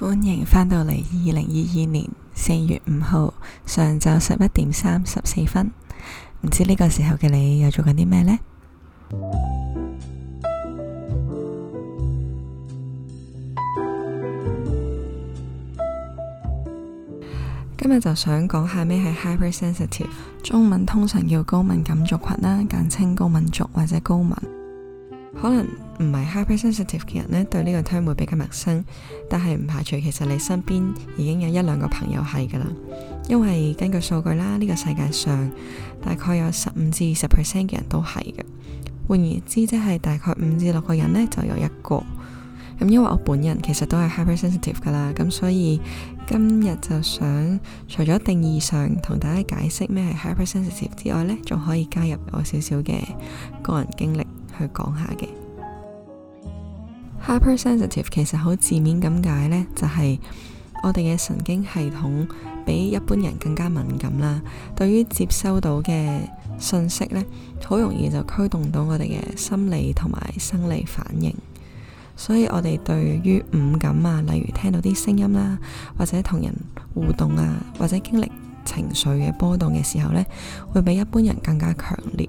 歡迎返到嚟，二零二二年四月五號上晝十一點三十四分。唔知呢個時候嘅你又做緊啲咩呢？今日就想講下咩係 hypersensitive，中文通常叫高敏感族群啦，簡稱高敏族或者高敏。可能唔係 Hypersensitive 嘅人咧，對呢個 term 會比較陌生，但係唔排除其實你身邊已經有一兩個朋友係噶啦，因為根據數據啦，呢、這個世界上大概有十五至二十 percent 嘅人都係嘅。換言之，即係大概五至六個人呢，就有一個。咁、嗯、因為我本人其實都係 Hypersensitive 噶啦，咁所以今日就想除咗定義上同大家解釋咩係 Hypersensitive 之外呢，仲可以加入我少少嘅個人經歷去講下嘅。hyper sensitive 其實好字面咁解呢，就係我哋嘅神經系統比一般人更加敏感啦。對於接收到嘅信息呢，好容易就驅動到我哋嘅心理同埋生理反應。所以我哋對於五感啊，例如聽到啲聲音啦，或者同人互動啊，或者經歷情緒嘅波動嘅時候呢，會比一般人更加強烈。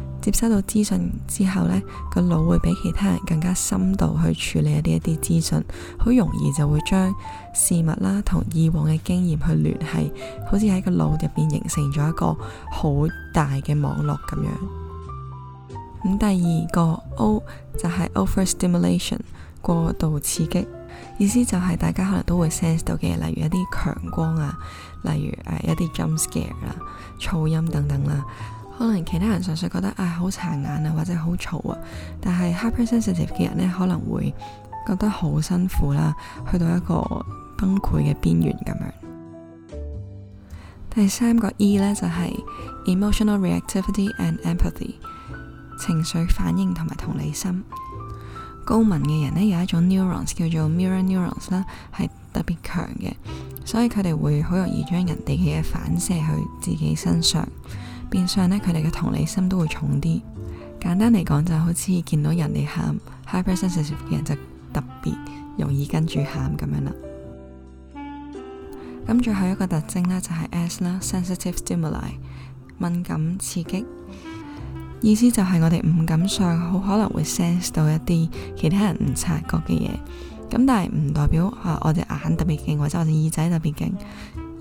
接收到資訊之後呢，個腦會比其他人更加深度去處理一啲一啲資訊，好容易就會將事物啦同以往嘅經驗去聯繫，好似喺個腦入邊形成咗一個好大嘅網絡咁樣。咁第二個 O 就係 overstimulation 過度刺激，意思就係大家可能都會 sense 到嘅，例如一啲強光啊，例如誒一啲 jump scare 啦、啊、噪音等等啦、啊。可能其他人純粹覺得啊好殘眼啊或者好嘈啊，但係 hyper sensitive 嘅人咧可能會覺得好辛苦啦，去到一個崩潰嘅邊緣咁樣。第三個 E 呢，就係 emotional reactivity and empathy，情緒反應同埋同理心。高敏嘅人呢，有一種 neurons 叫做 mirror neurons 啦，係特別強嘅，所以佢哋會好容易將人哋嘅嘢反射去自己身上。變相呢，佢哋嘅同理心都會重啲。簡單嚟講，就好似見到人哋喊 Hyper-sensitive 嘅人就特別容易跟住喊咁樣啦。咁最後一個特徵呢就係、是、S 啦，sensitive stimuli 敏感刺激，意思就係我哋唔感上好可能會 sense 到一啲其他人唔察覺嘅嘢。咁但係唔代表啊，我哋眼特別勁，或者我哋耳仔特別勁。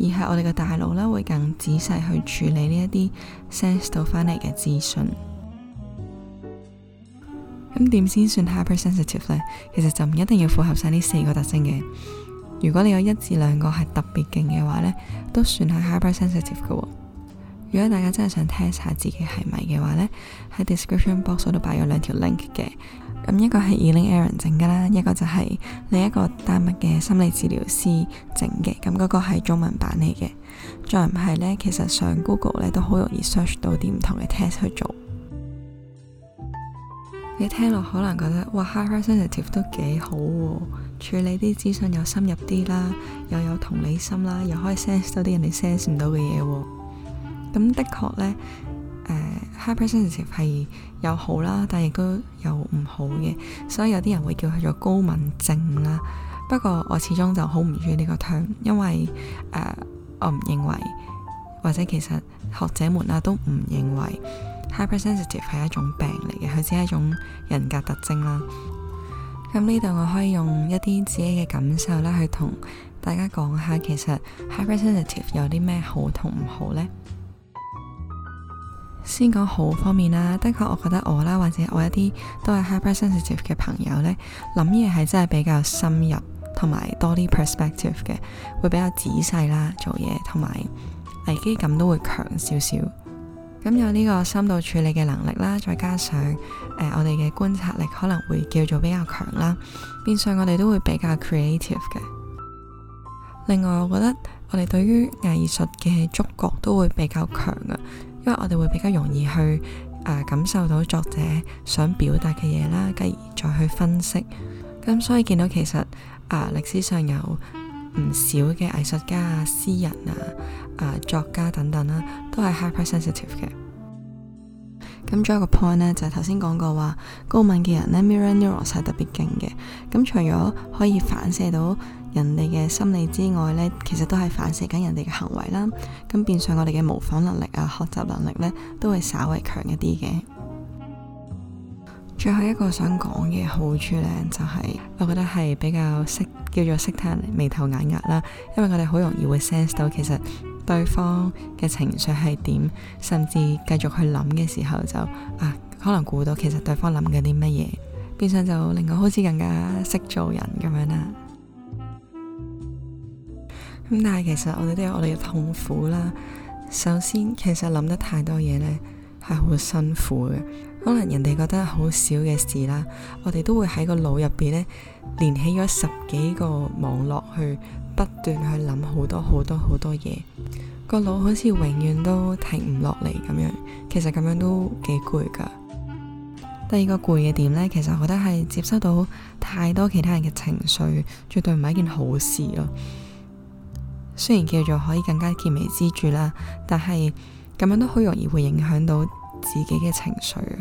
而係我哋嘅大腦咧，會更仔細去處理呢一啲 sense 到翻嚟嘅資訊。咁點先算 hyper sensitive 呢？其實就唔一定要符合晒呢四個特徵嘅。如果你有一至兩個係特別勁嘅話呢，都算係 hyper sensitive 嘅。如果大家真係想 test 下自己係咪嘅話呢，喺 description box 都擺咗兩條 link 嘅。咁一個係 Elaine Aron 整噶啦，一個就係另一個丹麥嘅心理治療師整嘅，咁嗰個係中文版嚟嘅。再唔係呢。其實上 Google 咧都好容易 search 到啲唔同嘅 test 去做。你聽落可能覺得，哇，hyper sensitive 都幾好喎、啊，處理啲資訊又深入啲啦，又有同理心啦，又可以 sense 到啲人哋 sense 唔到嘅嘢喎。咁的確呢。誒、uh，hypersensitive 係有好啦，但係亦都有唔好嘅，所以有啲人會叫佢做高敏症啦。不過我始終就好唔中意呢個 term，因為、uh, 我唔認為，或者其實學者們啊都唔認為 hypersensitive 係一種病嚟嘅，佢只係一種人格特徵啦。咁呢度我可以用一啲自己嘅感受啦，去同大家講下，其實 hypersensitive 有啲咩好同唔好呢？先講好方面啦，的確我覺得我啦，或者我一啲都係 hyper sensitive 嘅朋友呢，諗嘢係真係比較深入，同埋多啲 perspective 嘅，會比較仔細啦，做嘢同埋危機感都會強少少。咁有呢個深度處理嘅能力啦，再加上誒、呃、我哋嘅觀察力可能會叫做比較強啦，變相我哋都會比較 creative 嘅。另外，我覺得我哋對於藝術嘅觸覺都會比較強啊。因為我哋會比較容易去誒、呃、感受到作者想表達嘅嘢啦，繼而再去分析。咁所以見到其實誒、呃、歷史上有唔少嘅藝術家啊、詩人啊、誒作家等等啦，都係 hypersensitive 嘅。咁仲有一個 point 呢，就係頭先講過話高敏嘅人呢 mirror neurons 係特別勁嘅。咁除咗可以反射到人哋嘅心理之外呢，其實都係反射緊人哋嘅行為啦。咁變相，我哋嘅模仿能力啊，學習能力呢，都會稍為強一啲嘅。 最後一個想講嘅好處呢，就係、是、我覺得係比較識叫做識睇人眉頭眼額啦，因為我哋好容易會 sense 到其實對方嘅情緒係點，甚至繼續去諗嘅時候就啊，可能估到其實對方諗緊啲乜嘢，變相就令我好似更加識做人咁樣啦。咁但係其實我哋都有我哋嘅痛苦啦。首先，其實諗得太多嘢呢，係好辛苦嘅。可能人哋覺得好少嘅事啦，我哋都會喺個腦入邊呢連起咗十幾個網絡去不斷去諗好多好多好多嘢，個腦好似永遠都停唔落嚟咁樣。其實咁樣都幾攰噶。第二個攰嘅點呢，其實我覺得係接收到太多其他人嘅情緒，絕對唔係一件好事咯。雖然叫做可以更加見微知著啦，但係咁樣都好容易會影響到自己嘅情緒啊。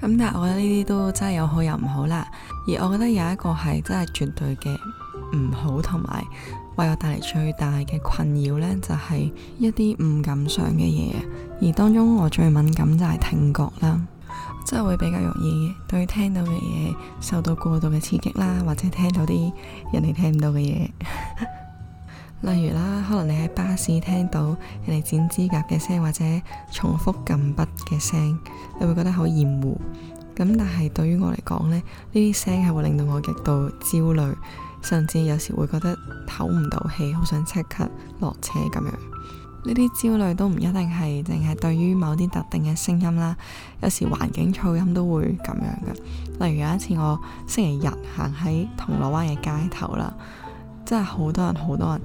咁、嗯、但係我覺得呢啲都真係有好有唔好啦。而我覺得有一個係真係絕對嘅唔好，同埋為我帶嚟最大嘅困擾呢，就係、是、一啲唔敢想嘅嘢。而當中我最敏感就係聽覺啦，即係會比較容易對聽到嘅嘢受到過度嘅刺激啦，或者聽到啲人哋聽唔到嘅嘢。 例如啦，可能你喺巴士聽到人哋剪指甲嘅聲，或者重複撳筆嘅聲，你會覺得好厭惡。咁但係對於我嚟講咧，呢啲聲係會令到我極度焦慮，甚至有時會覺得唞唔到氣，好想即刻落車咁樣。呢啲焦慮都唔一定係淨係對於某啲特定嘅聲音啦，有時環境噪音都會咁樣嘅。例如有一次我星期日行喺銅鑼灣嘅街頭啦，真係好多人，好多人。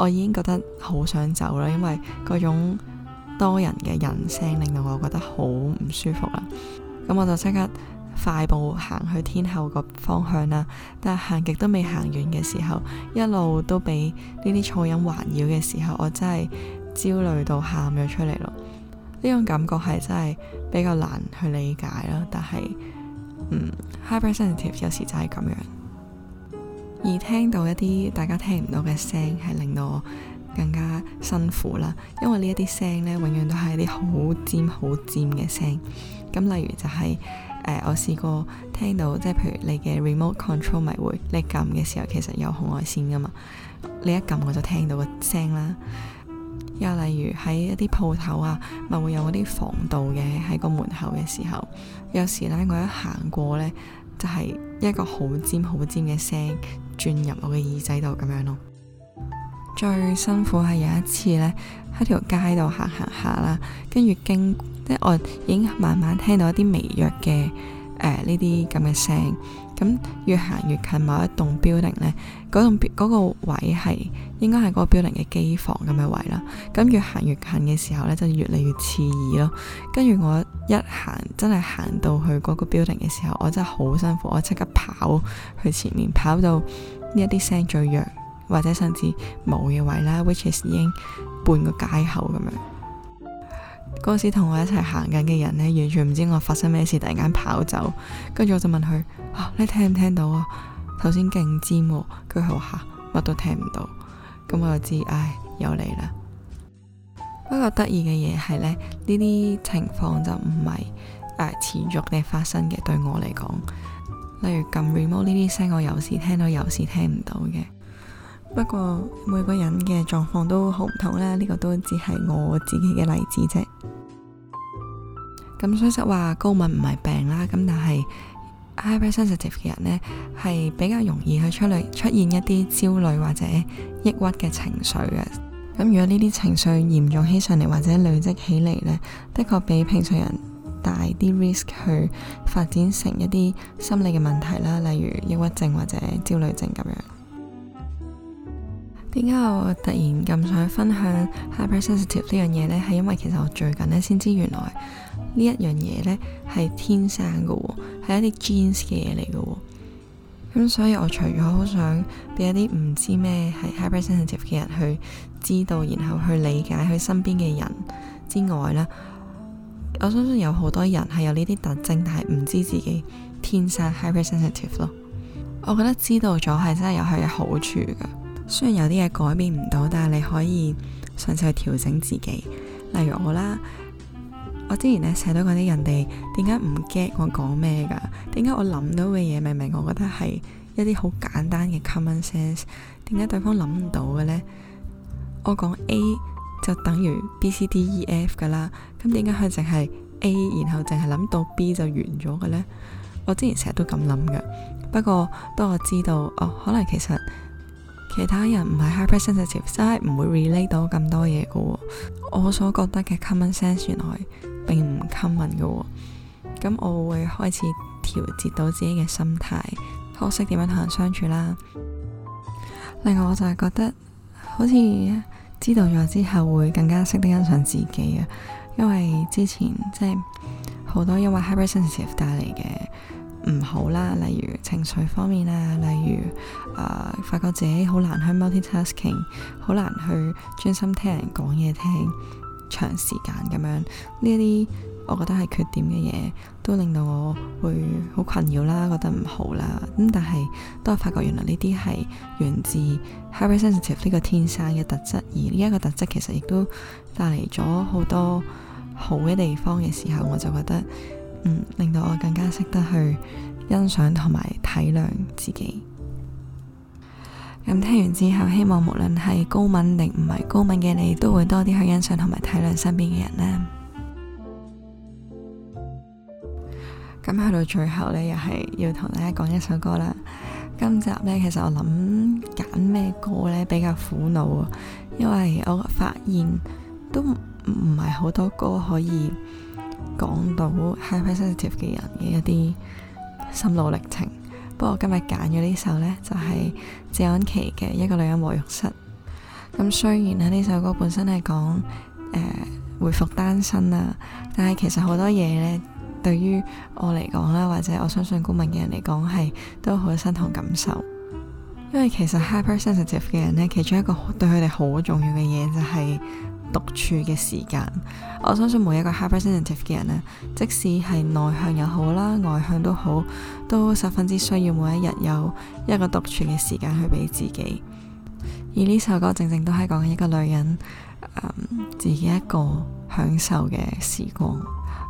我已經覺得好想走啦，因為嗰種多人嘅人聲令到我覺得好唔舒服啦。咁我就即刻快步行去天后個方向啦。但係行極都未行完嘅時候，一路都俾呢啲噪音環繞嘅時候，我真係焦慮到喊咗出嚟咯。呢種感覺係真係比較難去理解啦。但係，嗯，hypersensitive 有時就係咁樣。而聽到一啲大家聽唔到嘅聲，係令到我更加辛苦啦。因為呢一啲聲咧，永遠都係一啲好尖、好尖嘅聲。咁例如就係誒，我試過聽到即係譬如你嘅 remote control 咪會你撳嘅時候，其實有紅外線噶嘛。你一撳我就聽到個聲啦。又例如喺一啲鋪頭啊，咪會有嗰啲防盜嘅喺個門口嘅時候，有時呢，我一行過呢，就係一個好尖、好尖嘅聲。轉入我嘅耳仔度咁樣咯，最辛苦係有一次呢喺條街度行行下啦，跟住經即係我已經慢慢聽到一啲微弱嘅。誒，呢啲咁嘅聲，咁越行越近某一棟 building 呢，嗰棟嗰個位係應該係嗰個 building 嘅機房咁嘅位啦。咁越行越近嘅時候呢，就越嚟越刺耳咯。跟住我一行，真係行到去嗰個 building 嘅時候，我真係好辛苦，我即刻跑去前面，跑到呢一啲聲最弱或者甚至冇嘅位啦，which is 已經半個街口咁樣。嗰時同我一齊行緊嘅人呢，完全唔知我發生咩事，突然間跑走，跟住我就問佢，啊，你聽唔聽到啊？頭先勁尖喎，佢好話吓，乜都聽唔到。咁我就知，唉，又嚟啦。 不過得意嘅嘢係呢，呢啲情況就唔係，呃，持續地發生嘅。對我嚟講，例如撳 remote 呢啲聲，我有時聽到，有時聽唔到嘅。不過每個人嘅狀況都好唔同啦，呢個都只係我自己嘅例子啫。咁，所以，實話，高敏唔係病啦，咁但係 hyper sensitive 嘅人呢，係比較容易去出嚟，出現一啲焦慮或者抑鬱嘅情緒嘅。咁如果呢啲情緒嚴重起上嚟或者累積起嚟呢，的確比平常人大啲 risk 去發展成一啲心理嘅問題啦，例如抑鬱症或者焦慮症咁樣。點解我突然咁想分享 hypersensitive 呢樣嘢呢？係因為其實我最近呢先知原來呢一樣嘢呢係天生噶，係一啲 genes 嘅嘢嚟噶。咁所以我除咗好想俾一啲唔知咩係 hypersensitive 嘅人去知道，然後去理解佢身邊嘅人之外呢，我相信有好多人係有呢啲特徵，但係唔知自己天生 hypersensitive 咯。我覺得知道咗係真係有佢嘅好處噶。雖然有啲嘢改變唔到，但係你可以嘗試去調整自己。例如我啦，我之前咧寫到嗰啲人哋點解唔 get 我講咩㗎？點解我諗到嘅嘢明明我覺得係一啲好簡單嘅 common sense，點解對方諗唔到嘅呢？我講 A 就等於 BCDEF 㗎啦，咁點解佢淨係 A，然後淨係諗到 B 就完咗嘅呢？我之前成日都咁諗嘅，不過當我知道哦，可能其實其他人唔係 hyper-sensitive，真係唔會 relate 到咁多嘢㗎喎。我所覺得嘅 common sense 原來並唔 common 㗎喎。咁我會開始調節到自己嘅心態，學識點樣同人相處啦。另外我就係覺得，好似知道咗之後會更加識得欣賞自己啊。因為之前即係好多因為 hyper-sensitive 帶嚟嘅。好啦，例如情緒方面啦，例如誒發覺自己好難去 multitasking，好難去專心聽人講嘢聽長時間咁樣呢一啲，我覺得係缺點嘅嘢，都令到我會好困擾啦，覺得唔好啦。咁、嗯、但係都係發覺原來呢啲係源自 hypersensitive 呢個天生嘅特質，而呢個特質其實亦都帶嚟咗好多好嘅地方嘅時候，我就覺得。嗯、令到我更加識得去欣賞同埋體諒自己。咁、嗯、聽完之後，希望無論係高敏定唔係高敏嘅你，都會多啲去欣賞同埋體諒身邊嘅人咧。咁去、嗯、到最後咧，又係要同大家講一首歌啦。今集呢，其實我諗揀咩歌呢比較苦惱啊，因為我發現都唔唔係好多歌可以。講到 hypersensitive 嘅人嘅一啲心路歷程，不過今日揀咗呢首呢，就係、是、謝安琪嘅一個女人和浴室。咁雖然咧，呢首歌本身係講誒回復單身啊，但係其實好多嘢，呢，對於我嚟講啦，或者我相信高敏嘅人嚟講係都好有身同感受，因為其實 hypersensitive 嘅人呢，其中一個對佢哋好重要嘅嘢就係、是。獨處嘅時間，我相信每一個 hypersensitive 嘅人呢，即使係內向又好啦，外向都好，都十分之需要每一日有一個獨處嘅時間去俾自己。而呢首歌正正都係講緊一個女人，嗯，自己一個享受嘅時光。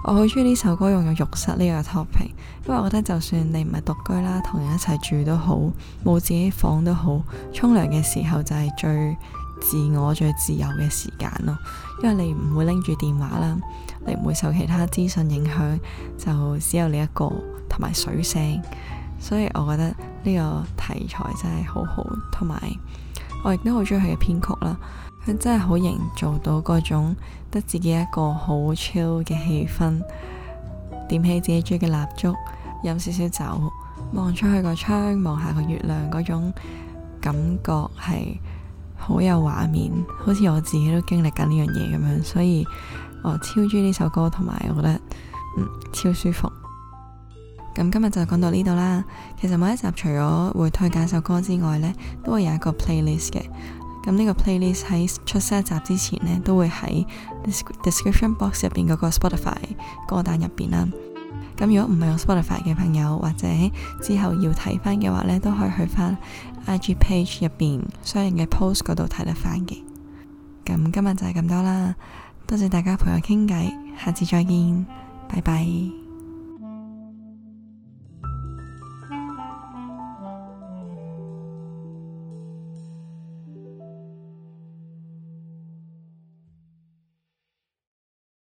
我好中意呢首歌用咗浴室呢個 topic，因為我覺得就算你唔係獨居啦，同人一齊住都好，冇自己房都好，沖涼嘅時候就係最。自我最自由嘅時間咯，因為你唔會拎住電話啦，你唔會受其他資訊影響，就只有你一個同埋水聲，所以我覺得呢個題材真係好好，同埋我亦都好中意佢嘅編曲啦，佢真係好營造到嗰種得自己一個好 chill 嘅氣氛，點起自己中意嘅蠟燭，飲少少酒，望出去個窗，望下個月亮嗰種感覺係。好有畫面，好似我自己都經歷緊呢樣嘢咁樣，所以我超中意呢首歌，同埋我覺得、嗯、超舒服。咁今日就講到呢度啦。其實每一集除咗會推介首歌之外呢，都會有一個 playlist 嘅。咁呢個 playlist 喺出一集之前呢，都會喺 description box 入邊嗰個 Spotify 歌單入邊啦。咁如果唔係我 Spotify 嘅朋友，或者之後要睇翻嘅話呢，都可以去翻。IG page 入邊相應嘅 post 嗰度睇得返嘅，咁今日就係咁多啦，多謝大家陪我傾偈，下次再見，拜拜。